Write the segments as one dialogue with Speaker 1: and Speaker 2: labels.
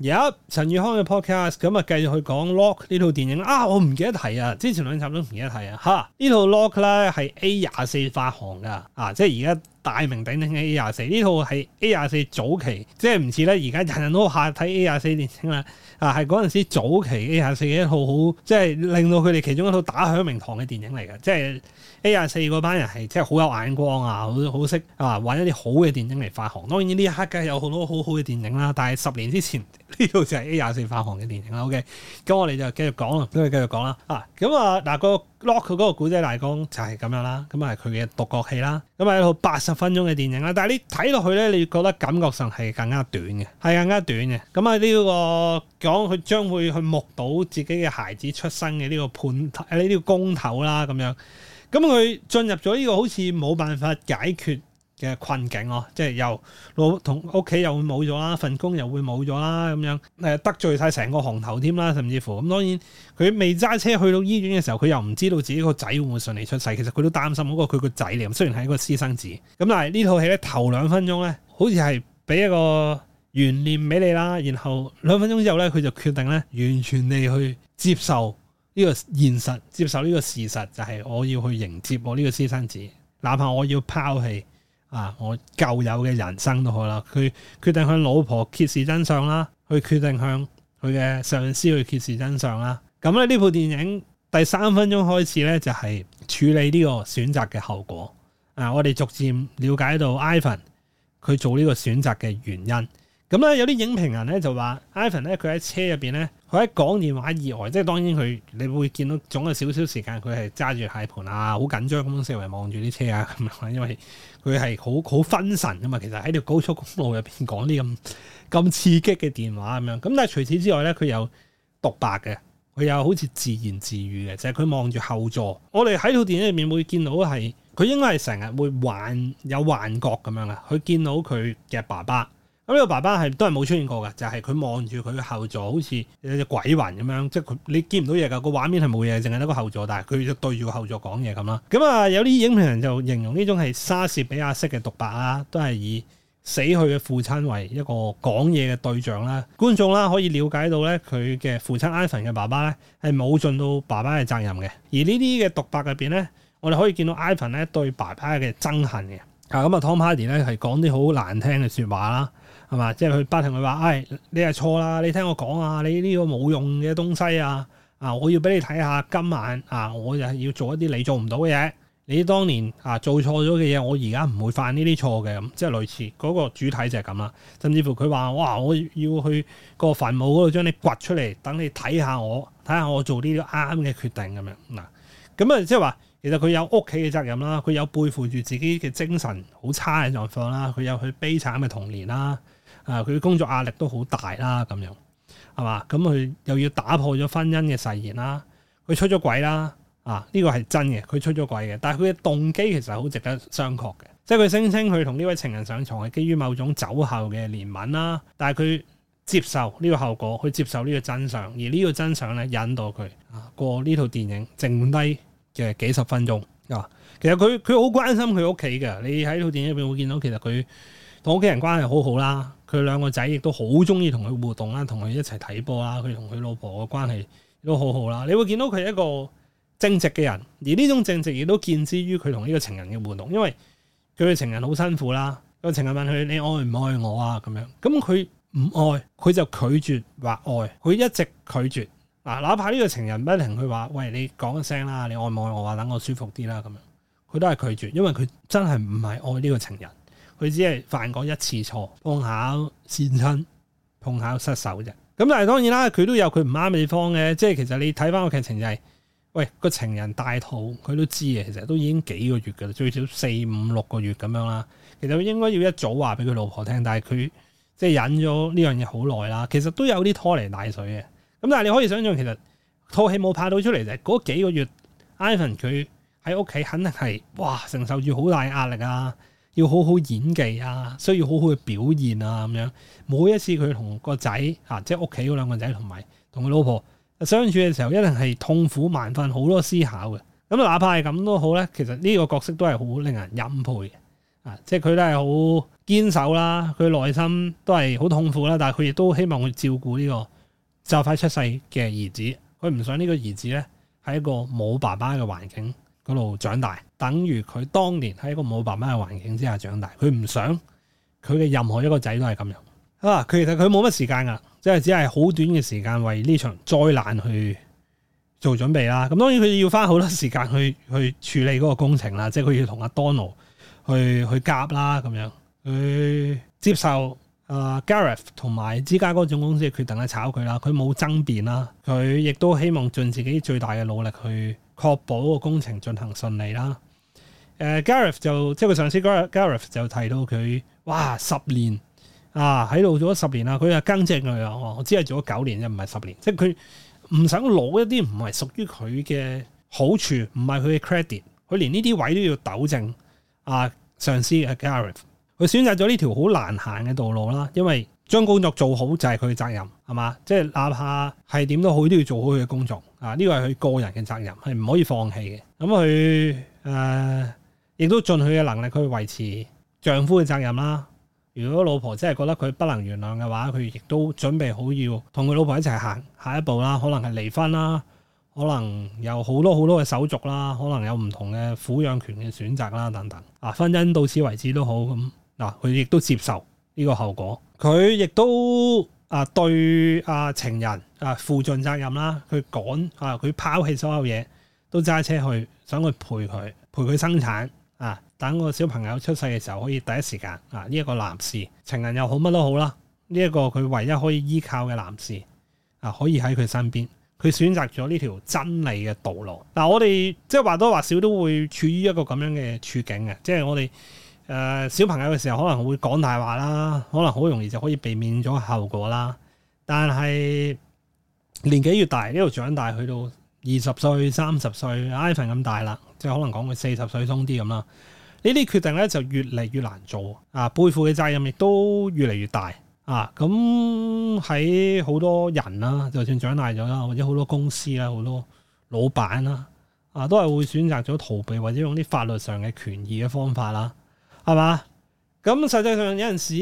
Speaker 1: 而家、yep，陳宇康嘅 podcast 咁啊，繼續去講 Lock 呢套電影啊，我唔記得提啊，之前兩集都唔記得提啊，吓，呢套 Lock 咧係 A 廿四發行噶啊，即係而家。大名鼎鼎嘅 A 廿四，呢套係 A 廿四早期，即係唔似咧而家人人都下睇 A 廿四電影啦。啊，係嗰陣時早期 A 廿四嘅一套好，即係令到佢哋其中一套打響名堂嘅電影嚟嘅。即係 A 廿四嗰班人係即係好有眼光啊，好好識啊，玩一啲好嘅電影嚟發行。當然呢一刻梗係有好多好好多好好嘅電影啦，但係十年之前呢套就係 A 廿四發行嘅電影啦。OK，咁我哋就繼續講啦，繼續講啦。啊，咁啊嗱個。lock 佢嗰個古仔大綱就係咁樣啦，咁啊係佢嘅獨角戲啦，咁啊一套八十分鐘嘅電影啦，但係你睇落去咧，你覺得感覺上係更加短嘅，係更加短嘅。咁啊呢個講佢將會去目睹自己嘅孩子出生嘅呢、這個判呢條公頭啦，咁樣，咁佢進入咗呢、這個好似冇辦法解決嘅困境哦，即係又老同屋企又會冇咗啦，份工又會冇咗啦，咁樣誒得罪晒成個行頭添啦，甚至乎咁，當然佢未揸車去到醫院嘅時候，佢又唔知道自己個仔會唔會順利出世，其實佢都擔心，不過佢個仔嚟，雖然係一個私生子，咁但係呢套戲咧頭兩分鐘咧，好似係俾一個懸念俾你啦，然後兩分鐘之後咧，佢就決定咧，完全地去接受呢個現實，接受呢個事實，就係我要去迎接我呢個私生子，哪怕我要拋棄。啊！我舊有嘅人生都好啦，佢決定向老婆揭示真相啦，去決定向佢嘅上司去揭示真相啦。咁咧呢部電影第三分鐘開始咧就係、是、處理呢個選擇嘅後果。啊！我哋逐漸了解到 Ivan 佢做呢個選擇嘅原因。咁咧有啲影評人咧就話，Ivan 咧佢喺車入邊咧，佢喺講電話以外，即係當然佢你會見到總有少少時間佢係揸住軚盤啊，好緊張咁四圍望住啲車啊咁樣，因為佢係好好分神啊嘛。其實喺條高速公路入邊講啲咁咁刺激嘅電話咁樣。咁但係除此之外咧，佢有獨白嘅，佢又好似自言自語嘅，就係佢望住後座。我哋喺套電影入面會見到係佢應該係成日會幻有幻覺咁樣啦，佢見到佢嘅爸爸。咁呢個爸爸係都係冇出現過嘅，就係、是、佢望住佢嘅後座，好似有隻鬼魂咁樣，即係佢你見唔到嘢噶，個畫面係冇嘢，淨係得個後座，但係佢對住個後座講嘢咁啦。咁啊，有啲影評人就形容呢種係莎士比亞式嘅獨白啊，都係以死去嘅父親為一個講嘢嘅對象啦，觀眾啦可以了解到咧佢嘅父親 Ivan 嘅爸爸咧係冇盡到爸爸嘅責任嘅。而呢啲嘅獨白入邊咧，我哋可以見到 Ivan 咧對爸爸嘅憎恨嘅。啊，咁、嗯、啊 Tom Hardy 咧係講啲好難聽嘅說話啦。係嘛？即係佢不停佢話，唉、哎，你係錯啦！你聽我講啊，你呢個冇用嘅東西啊，啊，我要俾你睇下今晚啊，我就係要做一啲你做唔到嘅嘢。你當年啊做錯咗嘅嘢，我而家唔會犯呢啲錯嘅咁，即係類似嗰個主體就係咁啦。甚至乎佢話，哇，我要去個墳墓嗰度將你掘出嚟，等你睇下我，睇下我做呢啲啱嘅決定咁樣嗱。咁啊，即係話，其實佢有屋企嘅責任啦，佢有背負住自己嘅精神好差嘅狀況啦，佢有佢悲慘嘅童年啦。啊！佢嘅工作壓力都好大啦，咁樣係嘛？咁佢又要打破咗婚姻嘅誓言啦，佢出咗軌啦！啊，呢個係真嘅，佢出咗軌嘅。但係佢嘅動機其實好值得商榷嘅，即係佢聲稱佢同呢位情人上床係基於某種酒後嘅憐憫啦，但係佢接受呢個後果，佢接受呢個真相，而呢個真相咧引導佢啊過呢套電影剩低嘅幾十分鐘啊。其實佢佢好關心佢屋企嘅，你喺套電影入邊會見到，其實佢同屋企人關係好好啦。佢兩個仔亦都好中意同佢互動啦，同佢一齊睇波啦。佢同佢老婆嘅關係都好好啦。你會見到佢係一個正直嘅人，而呢種正直亦都見之於佢同呢個情人嘅互動，因為佢嘅情人好辛苦啦。個情人問佢：你愛唔愛我啊？咁樣咁佢唔愛，佢就拒絕話愛，佢一直拒絕嗱，哪怕呢個情人不停佢話：喂，你講聲啦，你愛唔愛我啊？等我舒服啲啦。咁樣佢都係拒絕，因為佢真係唔係愛呢個情人。佢只係犯過一次錯，碰巧跣親，碰巧失手啫。咁但係當然啦，佢都有佢唔啱嘅地方嘅。即係其實你睇翻個劇情就係、是，喂，個情人大肚，佢都知嘅。其實都已經幾個月嘅啦，最少四五六個月咁樣啦。其實佢應該要一早話俾佢老婆聽，但係佢即係忍咗呢樣嘢好耐啦。其實都有啲拖泥帶水嘅。咁但係你可以想象，其實套戲冇拍到出嚟啫。嗰、就是、幾個月，Ivan 佢喺屋企肯定係哇承受住好大壓力啊！要好好演技啊，需要好好嘅表現啊，咁樣每一次佢同個仔啊，即係屋企嗰兩個仔同埋同佢老婆相處嘅時候，一定係痛苦萬分，好多思考嘅。咁，啊，哪怕係咁都好咧，其實呢個角色都係好令人欽佩啊！即係佢都係好堅守啦，佢內心都係好痛苦啦，但係佢亦都希望佢照顧呢個就快出世嘅兒子，佢唔想呢個兒子咧喺一個冇爸爸嘅環境嗰度長大。等於佢當年喺一個冇爸爸嘅環境之下長大，佢唔想佢嘅任何一個仔都係咁樣啊！佢其實佢冇乜時間噶，即係只係好短嘅時間為呢場災難去做準備啦。咁當然佢要花好多時間去去處理嗰個工程啦，即係佢要同阿 Donald 去去夾啦咁樣，佢接受啊 Gareth 同埋芝加哥總公司嘅決定去炒佢啦，佢冇爭辯啦，佢亦都希望盡自己最大嘅努力去確保個工程進行順利啦。誒、uh, Gareth 就即係佢上司，Gareth 就提到佢，哇，十年啊，喺度做咗十年啦，佢又更正佢啊、哦！我只係做咗九年啫，唔係十年。即係佢唔想攞一啲唔係屬於佢嘅好處，唔係佢嘅 credit，佢連呢啲位都要糾正啊！上司 Gareth，佢選擇咗呢條好難行嘅道路啦，因為將工作做好就係佢嘅責任，係嘛？即係哪怕係點都好，都要做好佢嘅工作啊！呢個係佢個人嘅責任，係唔可以放棄嘅。咁佢誒。亦都盡佢嘅能力去維持丈夫嘅責任啦。如果老婆真係覺得佢不能原諒嘅話，佢亦都準備好要同佢老婆一齊行下一步啦。可能係離婚啦，可能有好多好多嘅手續啦，可能有唔同嘅撫養權嘅選擇啦，等等。啊，婚姻到此為止都好咁。嗱，啊，佢亦都接受呢個後果。佢亦都啊對啊情人啊負盡責任啦。佢趕啊，佢拋棄所有嘢，都揸車去想去陪佢，陪佢生產。啊！等個小朋友出世嘅時候，可以第一時間啊！呢一個男士情人又好，乜都好啦。呢一個佢唯一可以依靠嘅男士啊，可以喺佢身邊。佢選擇咗呢條真理嘅道路。嗱、啊，我哋即係話多話少都會處於一個咁樣嘅處境嘅。即係我哋誒、呃、小朋友嘅時候可，可能會講大話啦，可能好容易就可以避免咗後果啦。但係年紀越大，呢度長大去到。二十歲、三十歲、iPhone 咁大啦，即係可能講佢四十歲鬆啲咁啦，呢啲決定咧就越嚟越難做啊，背負嘅責任亦都越嚟越大啊！咁喺好多人啦，就算長大咗啦，或者好多公司啦、好多老闆啦，啊，都係會選擇咗逃避或者用啲法律上嘅權益嘅方法啦，係嘛？咁實際上有陣時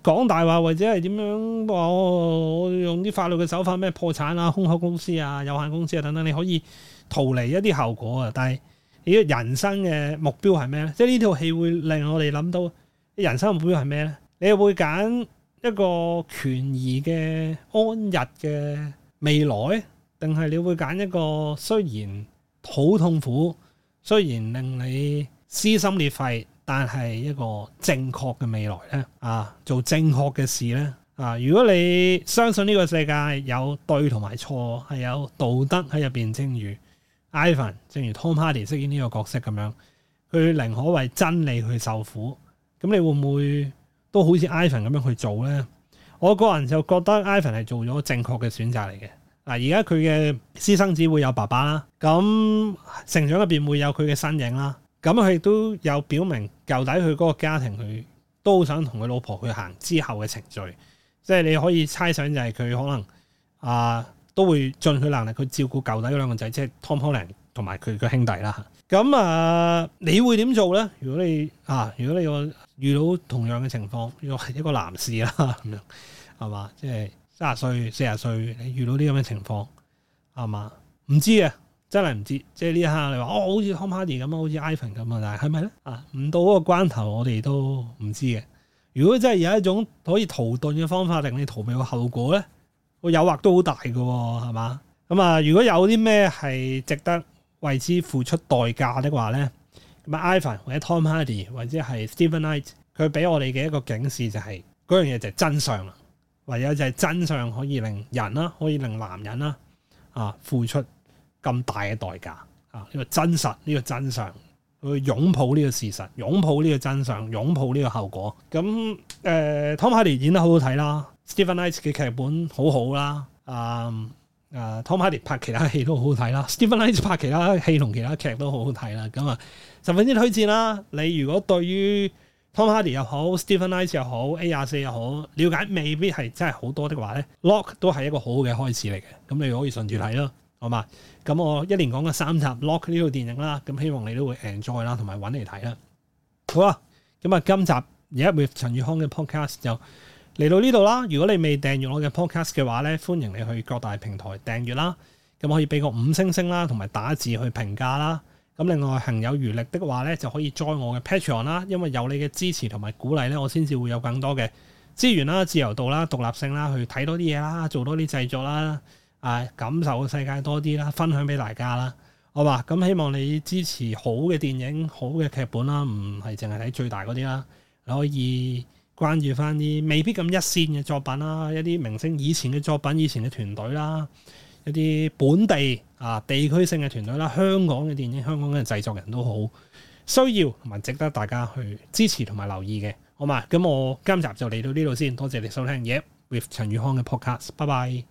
Speaker 1: 講大話，或者係點樣話、哦？我用啲法律嘅手法，咩破產啊、空殼公司啊、有限公司啊等等，你可以逃離一啲效果啊。但係，你個人生嘅目標係咩咧？即係呢套戲會令我哋諗到人生目標係咩咧？你會揀一個權宜嘅安逸嘅未來，定係你會揀一個雖然好痛苦，雖然令你撕心裂肺？但係一個正確嘅未來咧，啊，做正確嘅事咧，啊,如果你相信呢個世界有對同埋錯，係有道德喺入邊，正如 Ivan，正如 Tom Hardy 飾演呢個角色咁樣，佢寧可為真理去受苦，咁你會唔會都好似 Ivan 咁樣去做咧？我個人就覺得 Ivan 係做咗正確嘅選擇嚟嘅。嗱、啊，而家佢嘅私生子會有爸爸啦，咁成長入邊會有佢嘅身影啦。咁佢亦都有表明，舊底佢嗰個家庭佢都想同佢老婆去行之後嘅程序，即係你可以猜想就係佢可能啊都會盡佢能力去照顧舊底嗰兩個仔，即係 Tom Holland 同埋佢個兄弟啦。咁、嗯、啊，你會點做咧？如果你啊，如果你遇到同樣嘅情況，如果係一個男士啦咁樣，係 嘛？即係三十歲、四十歲，你遇到啲咁嘅情況，係嘛？唔知啊。真係唔知，即係呢一刻你話哦，好似 Tom Hardy 咁啊，好似 Ivan 咁啊，但係係咪咧？啊，唔到嗰個關頭，我哋都唔知嘅。如果真係有一種可以逃遁嘅方法，令你逃避個後果咧，個誘惑都好大嘅、哦，係嘛？咁啊，如果有啲咩係值得為之付出代價的話咧，咁啊，Ivan 或者 Tom Hardy 或者係 Stephen Knight，佢俾我哋嘅一個警示就係、是，嗰樣嘢就係真相啊！唯有就係真相可以令人啦，可以令男人啦啊付出。咁大嘅代價啊！呢、這個真實，呢、這個真相，去擁抱呢個事實，擁抱呢個真相，擁抱呢個效果。咁誒、呃、Tom Hardy 演得好好睇啦，Stephen Knight 嘅劇本好好啦，誒、嗯、誒、啊、Tom Hardy 拍其他戲都好好睇啦，Stephen Knight 拍其他戲同其他劇都好好睇啦。咁啊，十分之推薦啦！你如果對於 Tom Hardy 又好，Stephen Knight 又好，A24 又好，了解未必係真係好多的話咧，Lock 都係一個好好嘅開始嚟嘅。咁你可以順住睇咯。好嘛，咁、嗯、我一連講嘅三集 Lock 呢套電影啦，咁希望你都會 enjoy 啦，同埋揾嚟睇啦。好啦，咁、嗯、啊，今集而家、yeah, with 陳宇康嘅 podcast 就嚟到呢度啦。如果你未訂閱我嘅 podcast 嘅話咧，歡迎你去各大平台訂閱啦。咁、嗯、可以俾個五星星啦，同埋打字去評價啦。咁、嗯、另外，行有餘力的話咧，就可以 join 我嘅 Patreon 啦。因為有你嘅支持同埋鼓勵咧，我先至會有更多嘅資源啦、自由度啦、獨立性啦，去睇多啲嘢啦，做多啲製作啦。啊！感受世界多啲啦，分享俾大家啦，好嘛？咁希望你支持好嘅電影、好嘅劇本啦，唔係淨係睇最大嗰啲啦，你可以關注翻啲未必咁一線嘅作品啦，一啲明星以前嘅作品、以前嘅團隊啦，一啲本地啊地區性嘅團隊啦，香港嘅電影、香港嘅製作人都好需要同埋值得大家去支持同埋留意嘅，好嘛？咁我今集就嚟到呢度先，多謝你收聽 YEP，yeah, with 陳宇康嘅 podcast，拜拜。